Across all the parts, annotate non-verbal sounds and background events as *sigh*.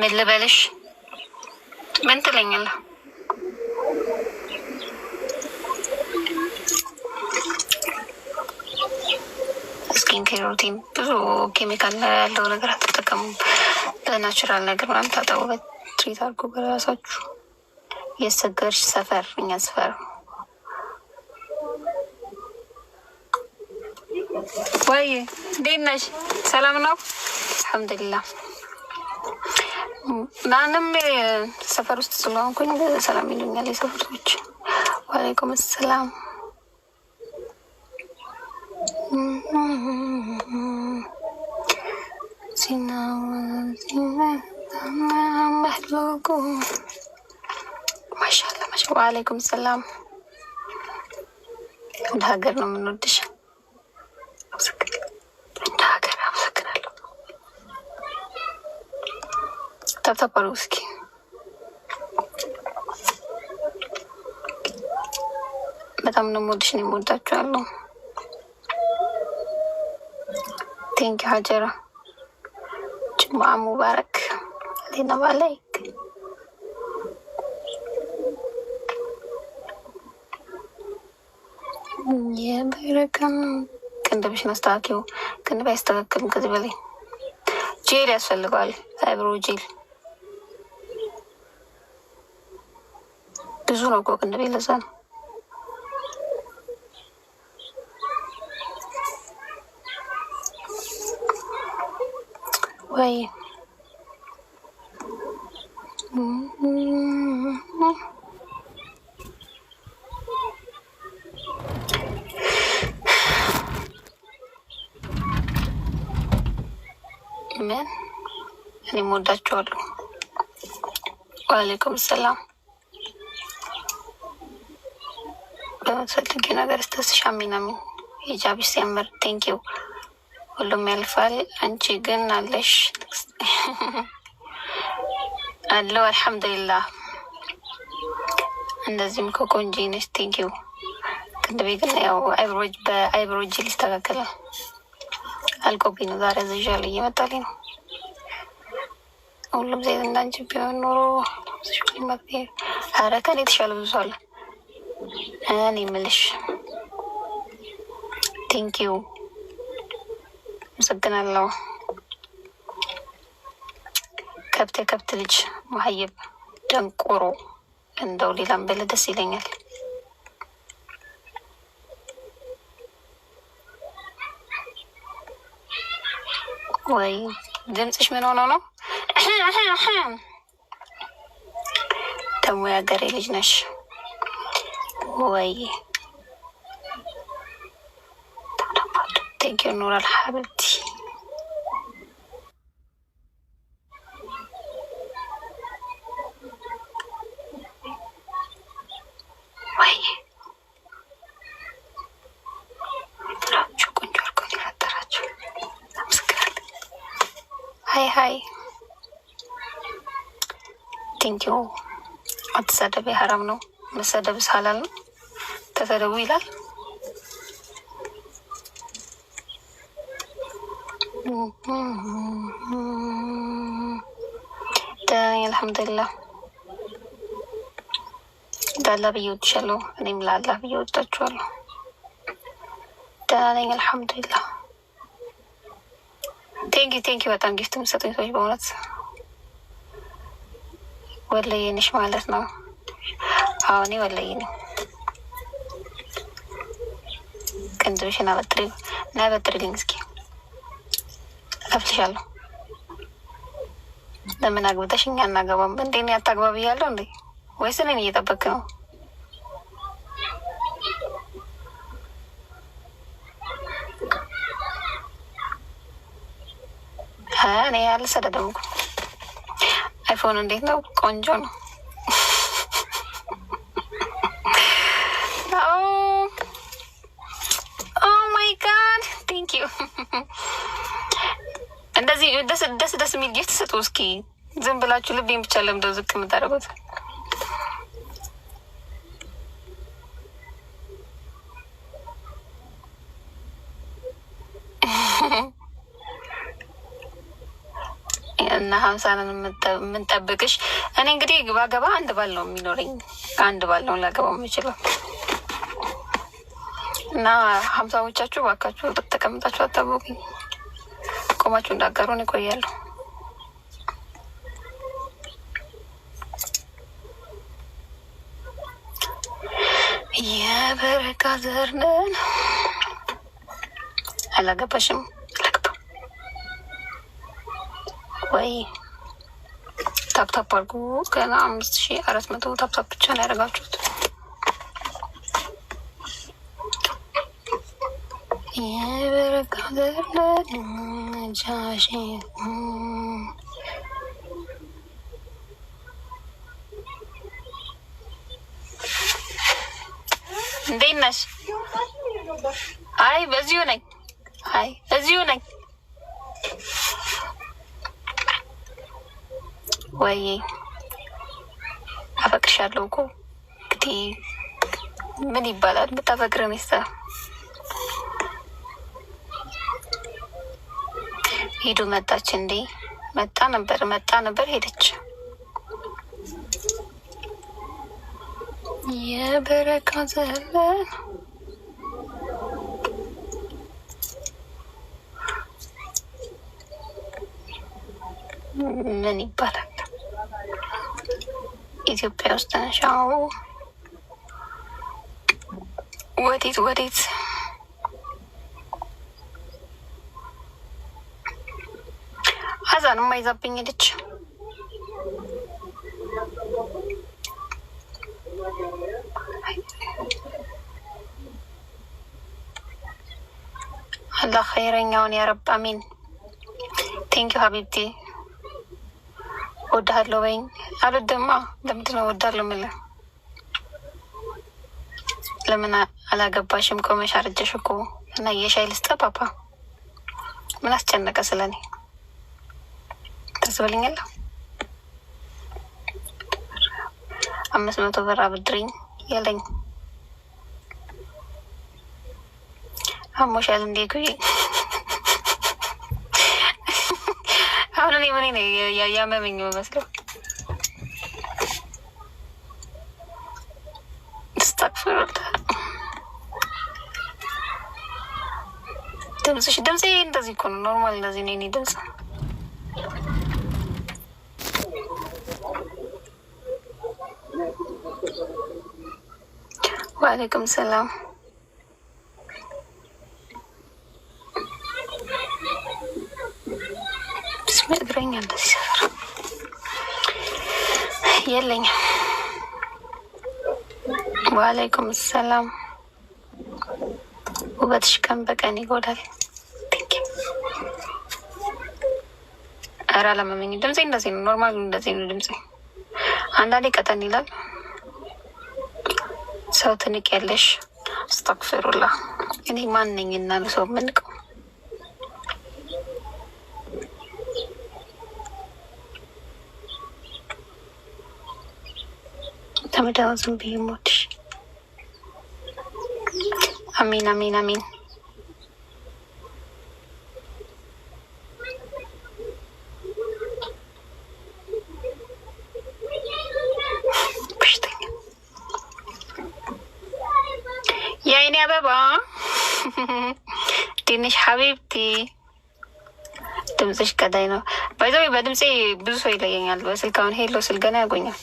ምን ልበልሽ? ምን ትለኛለህ? ስኪን ኬር ሩቲን ብዙ ኬሚካል ያለው ነገር አትጠቀሙ በናቹራል ነገር ምናምን ታጠቡበት፣ ትሪት አድርጎ በራሳችሁ። የሰገርሽ ሰፈር እኛ ሰፈር ወይ እንዴት ነሽ? ሰላም ነው። አልሐምዱሊላህ ማንም ሰፈር ውስጥ ስለሆንኩኝ በሰላም ይሉኛል የሰፈር ሰዎች። ዋሌኩም ሰላም። ማሻላ ማሻ። ዋሌኩም ሰላም። እንደ ሀገር ነው የምንወድሽ ተብተባሉ እስኪ በጣም ነው የምወድሽ፣ ነው የምወዳችኋለሁ። ቴንኪ ሀጀራ ጅማ ሙባረክ ሌና ባላይ የበረከም ቅንድብሽን አስተካክዩ። ቅንብ አያስተካክልም ከዚህ በላይ ጄል ያስፈልገዋል። አይብሮ ጄል ብዙ ነው እኮ ቅንድቤ። ለዛ ነው ወይ ምን እኔም ወዳቸዋለሁ። ዋአሌይኩም ሰላም በምትፈልጊው ነገር ስተስሻ ሚናሚን ሂጃብሽ ሲያምር ቴንኪው። ሁሉም ያልፋል። አንቺ ግን አለሽ አለው። አልሐምዱሊላህ እንደዚህም ከቆንጂ ነሽ። ቴንኪው። ቅድቤ ግን ያው አይብሮጅ በአይብሮጅ ሊስተካከል ነው ነው ዛሬ ዝዣ ላይ እየመጣልኝ ነው። ሁሉም ዜት እንዳንቺ ቢሆን ኖሮ ኧረ ከኔ የተሻለ ብዙ ሰው እኔ የምልሽ ቴንኪው አመሰግናለሁ። ከብት የከብት ልጅ መሀይብ ደንቆሮ እንደው ሌላም በለ ደስ ይለኛል። ወይ ድምፅሽ ምን ሆነው ነው? ደግሞ የሀገሬ ልጅ ነሽ። ወይ ቴንኪ ኑራል ሀብልቲ ሀይ ሀይ ቴንኪው። አትሳደብ፣ ሀራም ነው። መሰደብስ ሀላል ነው? ተሰደቡ ይላል። ዳኒ አልሐምዱሊላህ ዳላ ብዬ ወድሻለሁ። እኔም ላላ ብዬ ወዳችኋለሁ። ዳኒ አልሐምዱሊላህ ቴንኪ ቴንኪ። በጣም ጊፍት የምሰጡኝ ሰዎች በእውነት ወለየንሽ ማለት ነው። እኔ ወላሂ ነው። ቅንድብሽን አበጥሪ እና በጥሪልኝ እስኪ ከፍልሻለሁ። ለምን አግብተሽ እኛ እናገባም እንዴ? እኔ አታግባ ብያለሁ እንዴ? ወይስ እኔን እየጠበቅ ነው? እኔ አልሰደደም እኮ አይፎን እንዴት ነው? ቆንጆ ነው። እንደዚህ ደስ ደስ የሚል ጊፍት ስጡ። እስኪ ዝም ብላችሁ ልቤን ብቻ ለምደው ዝቅ የምታደርጉት እና ሀምሳንን የምንጠብቅሽ እኔ እንግዲህ ባገባ አንድ ባል ነው የሚኖረኝ። አንድ ባል ነው ላገባው የምችለው። እና ሀምሳዎቻችሁ ባካችሁ ተቀምጣችሁ አታወቁኝ ቆማችሁ እንዳጋሩን ይቆያሉ። የበረካ ዘር ነን። አላገባሽም ለግባ ወይ ታፕታፕ አድርጉ። ገና አምስት ሺህ አራት መቶ ታፕታፕ ብቻ ነው ያደረጋችሁት። እንዴት ነሽ? አይ በዚሁ ነኝ። አይ በዚሁ ነኝ። ወይ አፈቅርሻለሁ እኮ እንግዲህ ምን ይባላል? ብታፈቅረን ይስታ ሄዱ መጣች እንዴ? መጣ ነበር መጣ ነበር ሄደች። የበረካ ዘለን ምን ይባላል? ኢትዮጵያ ውስጥ ነሽ? አዎ። ወዴት ወዴት ሀዘን የማይዛብኝ ልጅ አላህ ኸይረኛውን ያረብ አሚን። ቴንኪው ሀቢብቲ ወዳሃለሁ በይኝ። አልወድማ ለምንድነው ወዳለሁ የምልህ? ለምን አላገባሽም? ቆመሽ አረጀሽ እኮ እና የሻይ ልስጠ ፓፓ ምን አስጨነቀ ስለኔ? ቀስ ብልኛለሁ። አምስት መቶ ብር አብድሪኝ ያለኝ አሞሻል እንዴ ጉ አሁን እኔ ምን ነው ያመመኝ መስለው ድምፅሽ ድምፅ እንደዚህ እኮ ነው። ኖርማል እንደዚህ ነው የኔ ድምፅ። ዋአለይኩም ሰላም። እግረኛ እንደዚህ ሰፈር የለኝም። ሰላም። ውበትሽ ቀን በቀን ይጎዳል። ኧረ አላመመኝም። ድምፄ እንደዚህ ነው። ኖርማል እንደዚህ ነው ድምፄ አንዳንዴ ቀጠን ይላል። ሰው ትንቅ ያለሽ አስተክፍሩላ እኔ ማን ነኝ? ነው ሰው የምንቀው? ተመዳዝም ብዬ ሞትሽ። አሚን አሚን አሚን ዲንሽ *laughs* ሀቢብቲ ድምፅሽ ቀዳይ ነው። ባይዘ በድምፄ ብዙ ሰው ይለየኛል። በስልክ አሁን ሄሎ ስል ገና ያጎኛል።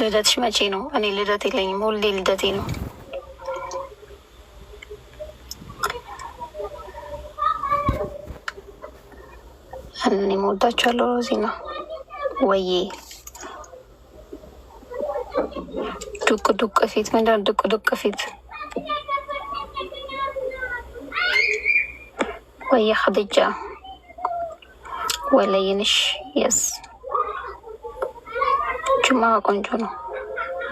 ልደትሽ መቼ ነው? እኔ ልደት የለኝም፣ ሁሌ ልደቴ ነው። እኔ የምወዳችኋለሁ። ሮዚ ነው ወዬ ዱቅ ዱቅ ፊት ምንድን ዱቅ ዱቅ ፊት ويا خديجة ولا ينش يس جمعة قنجونو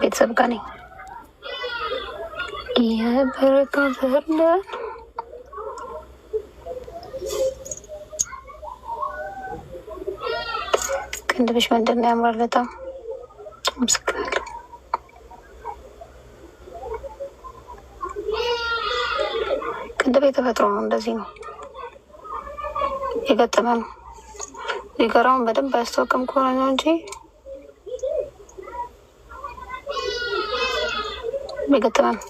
بيت سبقاني يا بركة فرنان كنت بش من يا مرلتا مسكنال كنت بيت فترون دزينو የገጠመ ነው። ሊገራውን በደንብ አያስታወቅም ከሆነ ነው እንጂ የገጠመ ነው።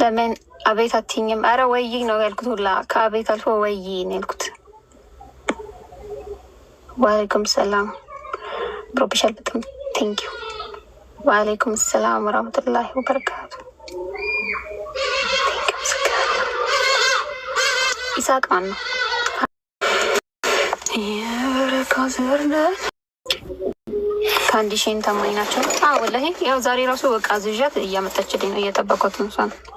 ለምን አቤት አትይኝም? አረ ወይ ነው ያልኩት። ሁላ ከአቤት አልፎ ወይ ነው ያልኩት። ዋሌይኩም ሰላም ፕሮፌሻል በጣም ቴንኪዩ። ዋሌይኩም ሰላም ወራህመቱላሂ ወበረካቱ ይስሐቅ ማን ነው? የበረካ ዘር ናት። ከአንድ ሺህን ታማኝ ወላሂ ያው ዛሬ ራሱ በቃ ዝዣት እያመጣችልኝ ነው። እየጠበኳት ነው እሷን